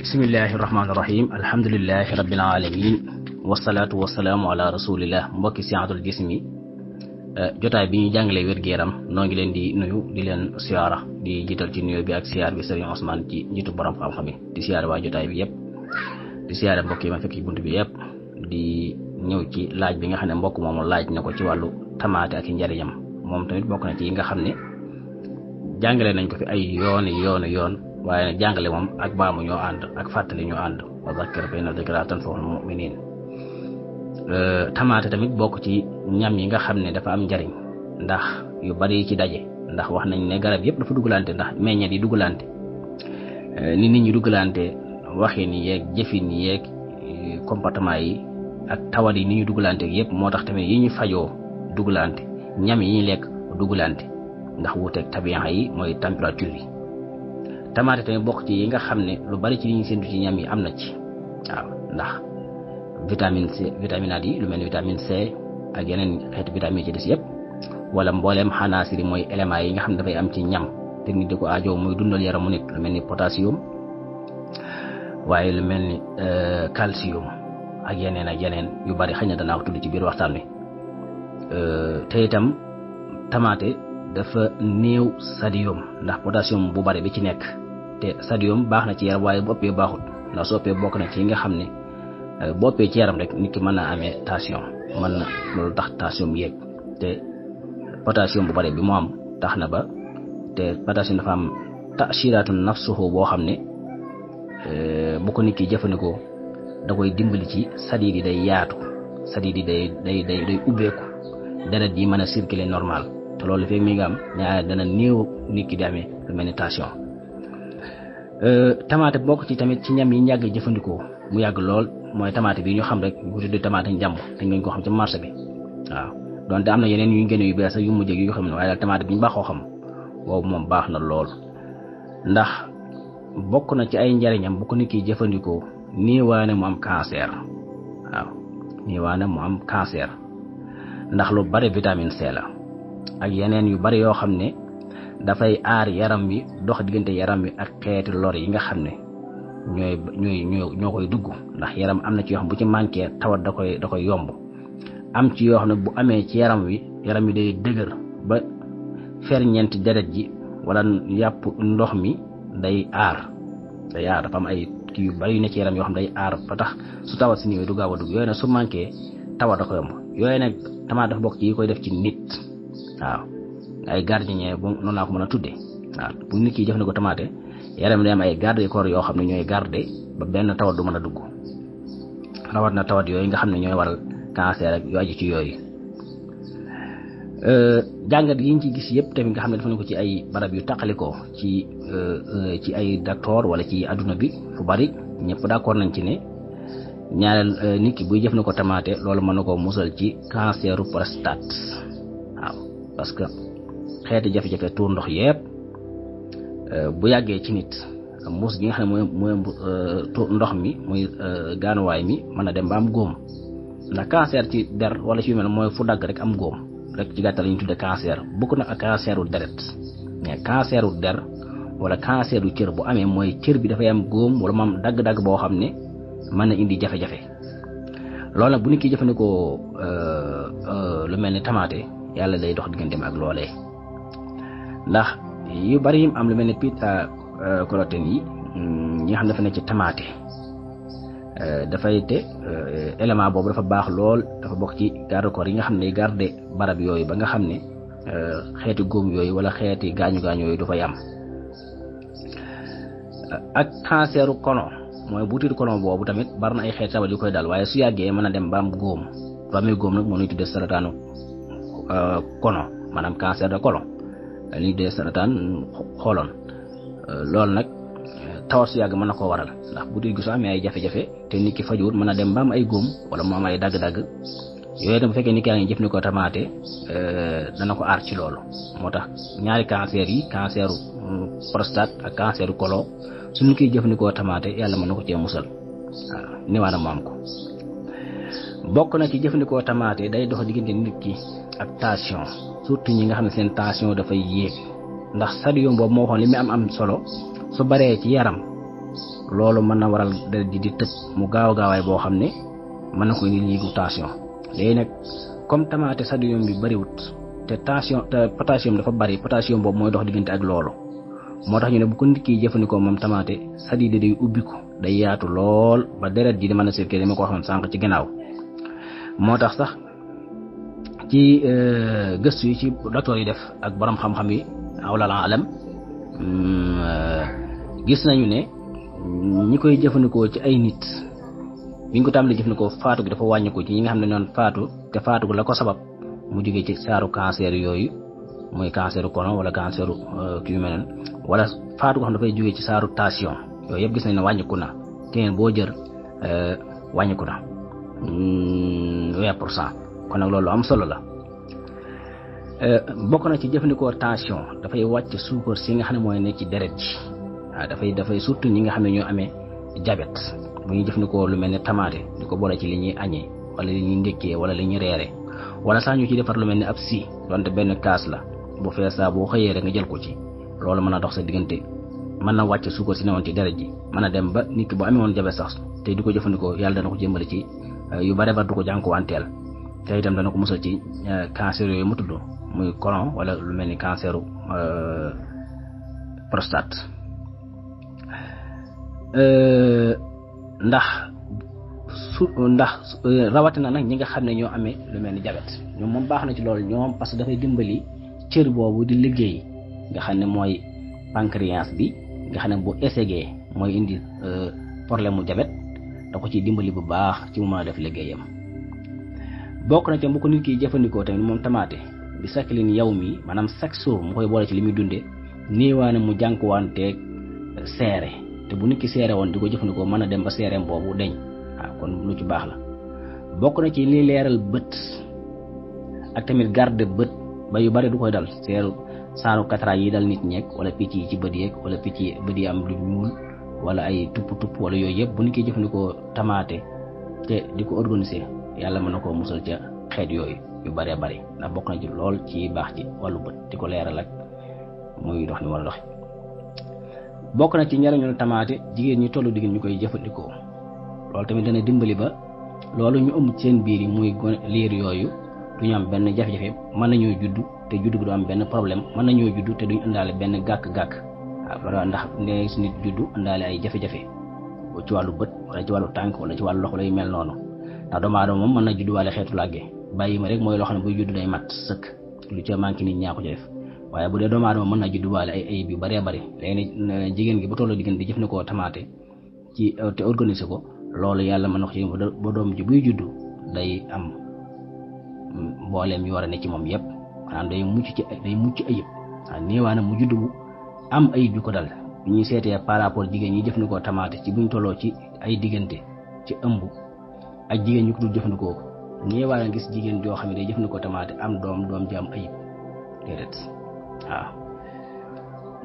bismillahi rahmaani rahim alhamdulilahi rabbil alamin wasalaatu wasalaamu ala rasulillah mbokki Sihaatul Jismi eh, jotaay bi ñuy jàngale wér gu noongi leen di nuyu di leen siyaara di jiital ci nuyoo bi ak siyaar bi Sëriñ Ousmane ci njiitu borom xam-xam di siyaare waa jotaay bi yëpp di siyaare mbokk yi ma fekk ci bunt bi yépp di ñëw ci laaj bi nga xam ne mbokk moomu laaj na ko ci wàllu tamaate ak i njariñam moom tamit bokk na ci nga xam ne jàngale nañ ko fi ay yoon yoon yoon waaye nag jàngale moom ak baamu ñoo ànd ak fàttali ñoo ànd wa zakkir fa inna zikraa tanfa'ul mu'miniin euh, tamaate tamit bokk ci ñam yi nga xam ne dafa am njariñ ndax yu bari ci daje ndax wax nañ ne garab yëpp dafa dugalante ndax meññeet yi dugalante euh, ni nit ñi dugalante waxin yeeg jëfin yeeg euh, comportement yi ak tawat yi ni ñu dugalante yëpp moo tax tamit yi ñu fajoo dugalante ñam yi ñu lekk dugalante ndax wuuteeg tabiyan yi mooy température yi tamate tamit bok ci yi nga xamne lu bari ci li sentu vitamin ci ñam yi amna ci waaw ndax vitamine c vitamine d lu melni vitamine c ak yeneen xet vitamine ci dess yeb wala mboolem hanasiri moy element yi nga xamne ne dafay am ci ñam te nit diko ajo moy muy dundal yaramu nit lu melni potassium waye lu melni euh calcium ak yeneen ak yeneen yu bari na ci biir euh te itam tamate dafa néew sadiyom ndax potassium bu bari bi ci nekk te sodium baax na ci yaram waaye bu ëppee baaxul ndax su ëppee bokk na ci yi nga xam ne euh, bu ëppee ci yaram rek nit ki mën naa amee tension mën na loolu tax tension yéeg te potassium bu bari bi mu am tax na ba te potassium dafa am tashiratu nafsuhu boo xam ne euh, bu ko nit ki jëfandikoo da koy dimbali ci sadiid yi day yaatu sadiid yi day ubbeeku deret yi mën a circuler normal loolu feeg mi nga am ñaare ah, dana néew nit ki di amee tamaate euh, bokk ci tamit ci ñam yi ñu jëfandikoo mu yàgg lool mooy tamaate bi ñu xam rek bu tuddee tamaate njàmb te ñu ko xam ci marché bi waaw donte am na yeneen yu génn yu bees ak yu mujj yu xam ne waaye daal tamaate bi ñu baaxoo xam boobu moom baax na lool ndax bokk na ci ay njariñam bu ko nit ki jëfandikoo nii waane mu am cancer waaw nii mu am cancer ndax lu bare vitamine C la. ak yeneen yu bari yoo xam ne dafay aar yaram wi dox diggante yaram wi ak xeeti lor yi nga xam ne ñooy ñooy ñoo koy dugg ndax yaram am na ci yoo xam bu ci manqué tawat da koy da koy yomb am ci yoo ne bu amee ci yaram wi yaram wi day dëgër ba ferñeenti deret ji wala yàpp ndox mi day aar day aar am ay kii yu bari yu ne yoo xam day aar su tawat si du gaaw a dugg su manqué tawat da koy yomb yooyu nag tamaat dafa bokk ci yi koy def ci nit waaw ay gardien bu noonu laa ko mën a tuddee waaw bu nit na ko tamaate yaram day am ay garde corps yoo xam ne ñooy garde benn tawat du mën a dugg na tawat yooyu nga xam ne ñooy waral cancer ak yoo aju ci yooyu euh, jàngat yi ñu ci gis yëpp tamit nga xam ne dafa ne ko ci ay barab yu taqalikoo ci euh, ci ay docteur wala ci àdduna bi fu bari ñëpp d'accord nañ ci ne ñaareel euh, nit ki buy jëf na ko tamaate loolu mën na koo musal ci canceru prostate parce que xeeti jafe-jafe tuur ndox yépp euh, bu yàggee ci nit muus gi nga xam ne mooy mooy euh, tuur ndox mi muy euh, gaanuwaay mi mën na dem ba am góom ndax cancer ci der wala ci yu mel mooy fu dagg rek am góom rek ci gàttal la ñu tudde cancer bokk na ak canceru deret mais canceru der wala canceru cër bu amee mooy cër bi dafay am góom wala moom dagg-dagg boo xam ne mën na indi jafe mel ni tamaate yàlla day dox digganteem ak loolee ndax yu bari yim am lu mel ne bêta carotène yi mm, ñi nga xam dafa ne ci tamaate euh, dafay te euh, élément boobu dafa baax lool dafa bokk ci garde corps yi nga xam ne garde barab yooyu ba nga xam ne euh, xeeti góom yooyu wala xeeti gaañu gaañu yooyu dafay am ak canceru colon mooy buutitu colon boobu tamit bari na ay xeeti sabat yu koy daal waaye su yàggee mën a dem ba am góom ba amee góom nag moo ñuy tuddee sarataanu colon euh, maanaam cancer de colon dañuy dee sarataan euh, loolu nag euh, tawat su yàgg mën na koo waral ndax bu dee gisu amee ay jafe-jafe te nit ki fajuwut mën a dem ba ay góom wala mu am ay dagg-dagg yooyu itam bu fekkee nit ki yaa ngi jëfandikoo tamaate dana ko aar ci loolu moo tax ñaari cancer yi canceru mm, prostate ak canceru colon su ñu koy jëfandikoo tamaate yàlla mën na ko cee musal waaw niwaana mu am ko bokk na ci jëfandikoo tamaate day dox diggante nit ki ak tension surtout ñi nga xam ne seen tension dafay yéeg ndax sodium boobu moo waxoon li muy am am solo su baree ci yaram loolu mën na waral deret di di tëj mu gaaw gaawaay boo xam ne mën na ko indi liigu tension léegi nag comme tamaate sodium bi bariwut te tension te potassium dafa bari potassium boobu mooy dox diggante ak loolu moo tax ñu ne bu ko nit ki jëfandikoo moom tamaate sadi day ubbiku day yaatu lool ba deret ji di mën a circuler ko waxoon sànq ci gannaaw moo tax sax ci euh, gëstu yi ci docteur yi def ak borom xam-xam yi awlal alam mm, euh, gis nañu ne ñi koy jëfandikoo ci ay nit biñ ko tàmbalee jëfandikoo faatu gi dafa wàññiku ci ñi nga xam ne noonu faatu te faatu la ko sabab mu jógee ci saaru cancer yooyu mooy canceru colon wala canceru euh, kii yu mel noonu wala faatu ko xam dafay jógee ci saaru tension yooyu yëpp gis nañ ne wàññiku na te boo jër wàññiku na. Mm, vingt pour cent kon nag loolu am solo la euh, bokk na ci jëfandikoo tension dafay wàcc suukar si nga xam ne mooy nekk ci deret ji waaw ah, dafay dafay surtout ñi nga xam ne ñoo amee jabet bu ñuy jëfandikoo lu mel ni tamaate di ko boole ci li ñuy añee wala li ñuy ndékkee wala li ñuy reere wala sax ñu ci defar lu mel ni ab si donte benn kaas la bu fees saa boo xëyee rek nga jël ko ci loolu mën a dox sa diggante mën na wàcc suukar si newoon ci deret ji mën a dem ba nit ki bu amee sax te di ko jëfandikoo yàlla dana ko jëmbale ci Euh, yu bare ba ko ko wanteel te itam dana ko musal ci euh, cancer yooyu mu tudd muy colon wala lu mel ni canceru euh, prostate ndax su ndax rawatina nag ñi nga xam ne ñoo amee lu mel ni jabet ñoom moom baax na ci loolu ñoom parce que dafay dimbali cër boobu di liggéey nga xam ne mooy pancréas bi nga xam ne bu ségee mooy indi problème mu jabet da ko ci dimbali bu baax ci mu mën a def liggéeyam bokk na ca bu ko nit ki jëfandikoo tamit moom tamaate bi saklin yow mi maanaam chaque jour mu koy boole ci li muy dunde néewaane mu jànkuwanteeg seere te bu nit ki seere woon di ko jëfandikoo mën a dem ba seereem boobu deñ ah, kon lu ci baax la bokk na ci li leeral bët ak tamit garde bët ba yu bari du koy dal seeru saaru katra yi dal nit ñeeg wala picc yi ci bët yeeg wala picc yi bët yi am lu ñuul wala ay tupu tupu wala yoy yeb bu tamate koy jëfandikoo te diko organiser yalla mën musal yu bare bari na bokk na ci lool ci bax ci walu di ko ak muy dox ni wala dox bokk na ci njariñul tamaate jigeen ñi tollu digeen ñukoy koy jëfandikoo tamit dana dimbali ba loolu ñu ëmb seen biir yi muy liir yooyu duñu am benn jafe-jafe mën nañoo judd te judd bi du am benn problème mën nañoo judd te duñu indaale benn gàkk-gàkk waaw ndax léeg si nit juddu andaale ay jafe-jafe wàllu bët wala ci wàllu tànk wala ci wàllu loxo lay mel noonu ndax doomu moom mën na judduwaale xeetu làgge bàyyi ma rek mooy loo xam ne buy judd day mat sëkk lu ca manqué nit ñaa ko ca waaye bu dee doomu mën na judduwaale ay ayib yu bëree bëri léegi nag jigéen gi ba tolloo jigéen di jëfandikoo tamaate ci te organiser ko loolu yàlla mën na ko ci ba doom ji buy juddu day am mbooleem yu war a ne ci moom yëpp maanaam day mucc ci day ayib waaw néewaa mu juddu am ayib yu ko dal ñuy seetee par rapport jigéen ñi jëfandikoo tamaate ci buñ tolloo ci ay diggante ci ëmb ak jigéen ñu ko dul jëfandikoo gis jigéen joo xam ne day jëfandikoo tamaate am doom doom ji am ayib déedéet waaw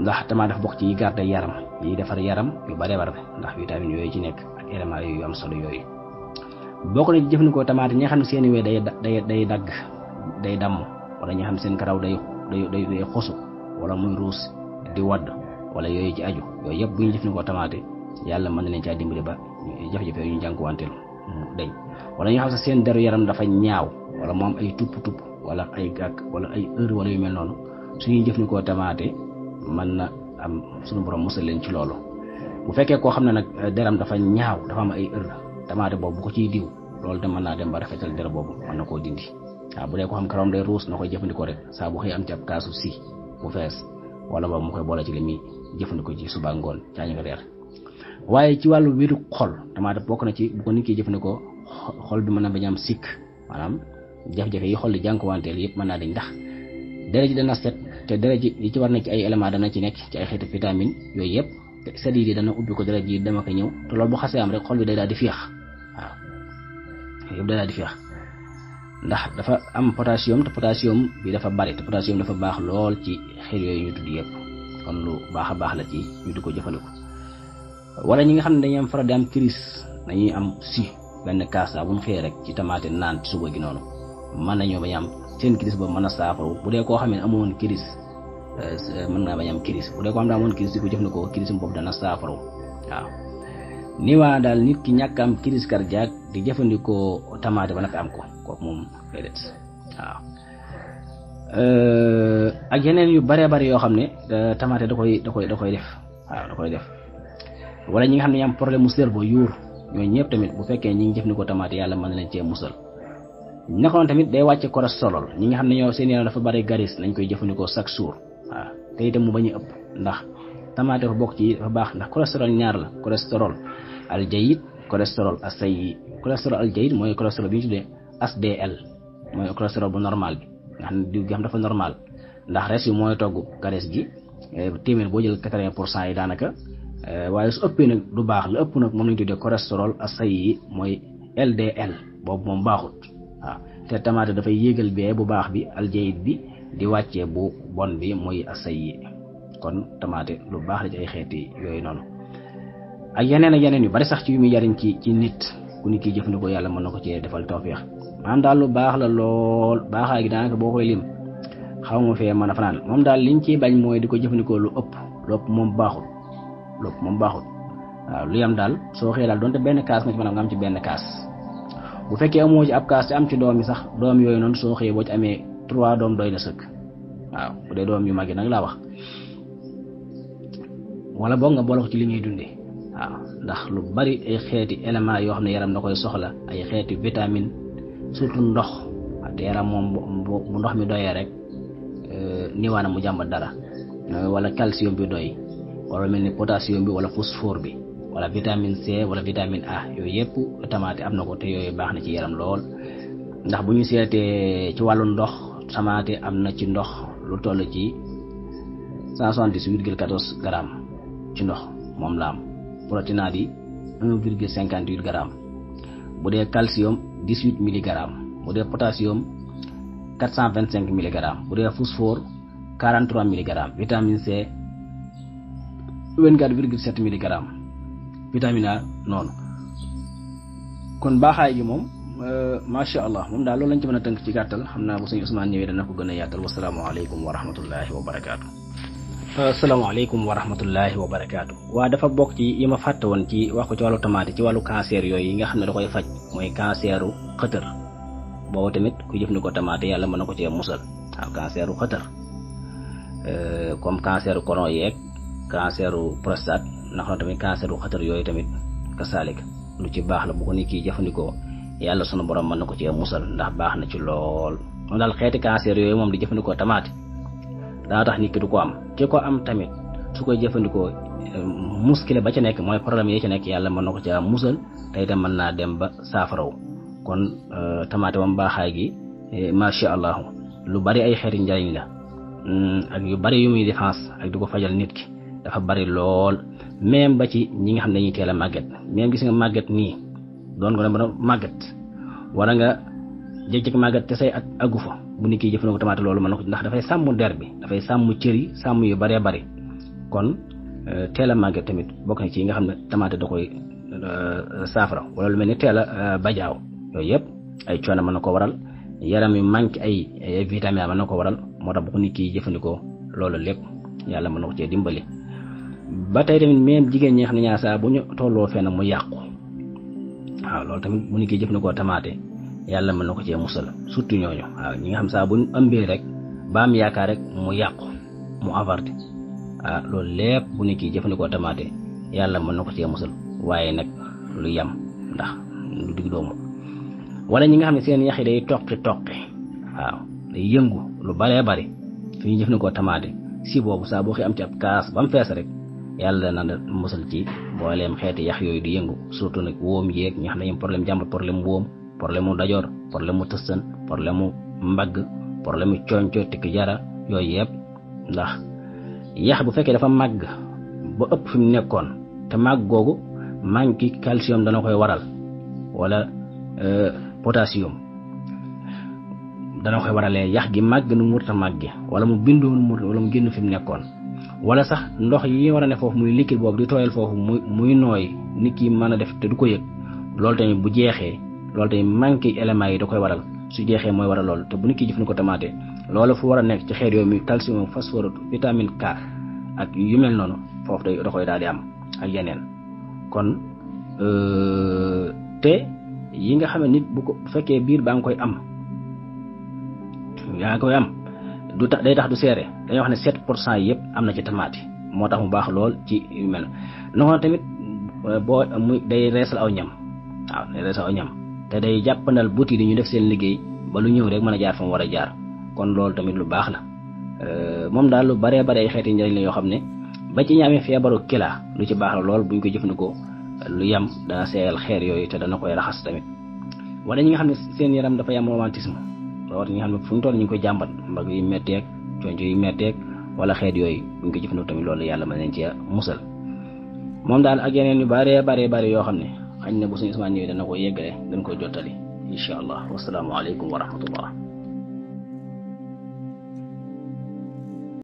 ndax tamaate dafa bokk ci yi garde yaram yi defar yaram yu bare bare ndax vitamine yooyu ci nekk ak élément yooyu yu am solo yooyu bokk na ci jëfandikoo tamaate ñi nga xam ne seen wee day day day dagg day damm wala ñi nga xam seen karaw day day xosu wala muy ruus di wadd wala yooyu ci aju yooyu yëpp bu ñu jëfandikoo tamaate yàlla mën na leen caa dimbali ba jafe-jafe yu ñu jànkuwanteel mu dañ wala ñoo xam sax seen deru yaram dafa ñaaw wala moom ay tupp-tupp wala ay gàkk wala ay heure wala yu mel noonu suñuy jëfandikoo tamaate man na am suñu borom musal leen ci loolu bu fekkee koo xam ne nag eh, deram dafa ñaaw dafa am ay heure tamaate boobu bu ko ciy diw loolu de mën naa dem ba rafetal der boobu mën na koo dindi waaw bu ko xam karawam na koy jëfandikoo rek saa wala boog mu koy bolé ci limi jëfëndiko ci suba ngol ca ñu nga reer waaye ci walu wéru xol dama da bok na ci bu ko nit ki jëfandikoo xol bi mëna bañ am sik manam jaf jafe yi xol li jànkuwanteel yëpp mën naa dañ ndax dara ji dana set te dara ji li ci war na ci ay élément dana ci nekk ci ay xeetu vitamine yoy yépp set yi dana ubbi ko dara ji dama ko ñëw te lool bu xasse am rek xol bi day daal di fiix waaw yépp day daal di fiix ndax dafa am potassium te potassium bi dafa bari te potassium dafa baax lool ci xel yooyu ñu tudd yëpp kon lu baax a baax la ci ñu di ko jëfandikoo wala ñi nga xam ne dañuy am faral di am crise dañuy am si benn kaas saa bu xëyee rek ci tamaate naan ci suba gi noonu mën nañoo bañ am seen crise boobu mën a saafaru bu dee koo xam ne amoon crise euh, mën naa bañ kiris crise bu dee koo xam ne amoon crise di ko jëfandikoo crise boobu dana saafaru waaw ni waa daal nit ki ñakam am crise cardiaque di jëfëndiko tamate ba nak am ko ko mom déedéet waaw euh ak yeneen yu bare bare yo xamne euh, tamate da koy da koy da koy def waaw da koy def wala ñi nga xamne ñam problème mu bo yuur ñoy ñepp tamit bu fekke ñi jëfëndiko tamate yalla man lañ ci leen cee musal nakoon tamit day wacce cholesterol ñi nga xamne ñoo seen yalla dafa bare garis nañ koy jëfëndiko chaque jour waaw tay dem mu bañu ëpp ndax tamate bok ci dafa baax ndax cholesterol ñaar la cholesterol aljayid cholestérol assayi cholestérol aljayid mooy cholestérol bi ñu tuddee HDL mooy cholestérol bu normal bi nga xam ne diw gi xam dafa normal ndax res yi mooy togg kares gi eh, téeméer boo jël quatre pour cent yi daanaka eh, waaye su nag du baax la ëpp nag moom lañu tuddee cholestérol assayi mooy LDL boobu moom baaxut waaw te tamaate dafay yéegal bee bu baax bi aljayid bi di wàccee bu bon bi mooy muy yi kon tamaate lu baax la ci ay xeeti yooyu noonu ak yeneen ak yeneen yu bari sax ci yu muy jariñ ci ci nit ku nit ki jëfandikoo yàlla mën na ko ci defal tawfiix maanaam daal lu baax la lool baaxaay gi daanaka boo koy lim xaw ma fee mën a fanaan moom daal liñ ciy bañ mooy di ko jëfandikoo lu ëpp lu ëpp moom baaxul lu ëpp moom baaxul waaw lu yam daal soo xëyee daal donte benn kaas nga ci maanaam nga am ci benn kaas bu fekkee amoo ci ab kaas te am ci doom yi sax doom yooyu noonu soo xëyee boo ci amee trois doom doy na sëkk waaw bu dee doom yu mag yi nag laa wax wala boog nga boole ko ci li ñuy dundee Ah, ndax lu bari ay xeeti élément yoo xam ne yaram da koy soxla ay xeeti vitamine surtout ndox te yaram moom bu ndox mi doyee rek euh, niwaana mu jàmbat dara euh, wala calcium bi doy wala mel ni potassium bi wala phosphore bi wala vitamine c wala vitamine a yooyu yépp tamaate am na ko te yooyu baax na ci yaram lool ndax bu ñu seetee ci wàllu ndox tamaate am na ci ndox lu toll ci 178,14 grammes ci ndox moom la am protéinat yi 1,58 gramme bu dee calcium 18 bu dee potassium 425 milligrammes bu dee phosphore 43 milligrammes vitamine C 24,7 milligrammes vitamine A noonu kon baaxaay gi moom euh, macha allah moom daal loolu lañ ci mën a tënk ci gàttal xam naa bu sëñ Ousmane ñëwee dana ko gën a yaatal wasalaamaaleykum wa rahmatullahi wa barakaatu. assalamu warahmatullahi wa rahmatullahi wa barakatuh wa dafa bok ci yima fatte won ci waxu ci walu tamati ci walu cancer yoy nga xamne da koy fajj moy canceru xeter bo tamit ku ko tamati yalla mëna ko ci musal ak canceru xeter euh comme canceru colon yek canceru prostate nak na tamit canceru xeter yoy tamit kasalik lu ci bax la bu ko niki jëfniko yalla sunu borom mëna ko ci musal ndax bax na ci lool dal xéti cancer yoy mom di jëfniko tamati daa tax nit ki du ko am ki ko am tamit su koy jëfandikoo eh, muskile ba ca nekk mooy problème yi ca nekk yàlla mën na ko ca musal tey itam man naa dem ba saafaraw kon eh, tamaate moom baaxaay gi eh, macha allah lu bari ay xeeti njariñ la hmm, ak yu bari yu muy défense ak di ko fajal nit ki dafa bari lool même ba ci ñi nga xam ne dañuy teel a màgget même gis nga màgget nii doon ko dem màgget wala nga jékki-jékki màggat te say at àggu fa bu nit kiy jëfandikoo tamaate loolu mën na ko ndax dafay sàmm der bi dafay sàmm cër sàmm yu bëree bëri kon euh, teel a màggat tamit bokk na yi nga xam ne tamaate da koy euh, saafara wala lu mel ni teel a euh, bajaaw yooyu yëpp ay coono mën na ko waral yaram yu manqué ay ay vitamines na ko waral moo tax jëfandikoo loolu lépp yàlla mën na ko cee dimbali. ba tey tamit même jigéen ñi nga xam ne saa bu ñu tolloo fenn mu yàqu waaw loolu tamit bu nit kiy jëfandikoo tamaate. yalla man nako ci cee musal surtout ñoño waaw ñi nga xam sa buñ ëmbee rek ba am rek mu yàqu mu avarté ah lool lepp bu ne ki jëfandikoo tamaté yalla man nako ci musal waaye lu yam ndax lu dig doomu wala ñi nga xam seen yaxi yi day toqi toqi waaw day yëngu lu baree bari fi ñu jëfandikoo tamaté si bobu sa bo xi am ci ab kaas bam fess rek yalla na na musal ci mbooleem xéti yax yoy di yëngu surtout nag wóom yeeg ñi xam yim problème jamm problème woom problème dajor problème mu teussan problème mbag problème mu cioncio tik yara yoy yeb ndax yax bu fekke dafa mag bu upp fim nekkon te mag gogu manki calcium dana koy waral wala euh, potassium dana koy warale Yah gi mag nu murta magge wala mu nu mur wala mu genn fim nekkon wala sax ndox yi wara ne fofu muy liquide bobu di toyel fofu muy noy niki mana def te du ko yek lol tamit bu jexé loolu tey manque éléments yi da koy waral su jeexee mooy waral loolu te bu nit ki ko tamaate loolu fu war a nekk ci xeet yooyu mi calcium phosphore vitamine K ak yu mel noonu foofu day da koy daal am ak yeneen kon euh, te yi nga xam ne nit bu ko fekkee biir baa koy am yaa ngi koy am du tax day tax du seere dañuy wax ne 7 pour cent yëpp am na ci tamaate moo tax mu baax lool ci yu mel noonu tamit euh, boo muy day reesal aw ñam waaw day aw ñam. te day jàppandal buti di ñu def seen liggéey ba lu ñëw rek mën a jaar fa mu war a jaar kon loolu tamit lu baax la euh, moom daal lu baree bare ay xeeti njëriñ la yoo xam ne ba ci ñaamee feebaru kila lu ci baax la lool buñ ko jëfandikoo lu yam dana xeer yooyu te dana koy raxas tamit wala ñi nga xam ne seen yaram dafa yam romantisme loolu ñi nga xam ne fu ñu toll ñu ngi koy jàmbat mbagg yu metteeg conco yu metteeg wala xeet yooyu buñ ko jëfandikoo tamit loolu yàlla mën nañ ci musal moom daal ak yeneen yu baree bare yoo xam ne xañ na bu suñu Usmaan ñëwee dana ko yeggale gën ko jottali incha allah wasalaamualeykum wa rahmatullah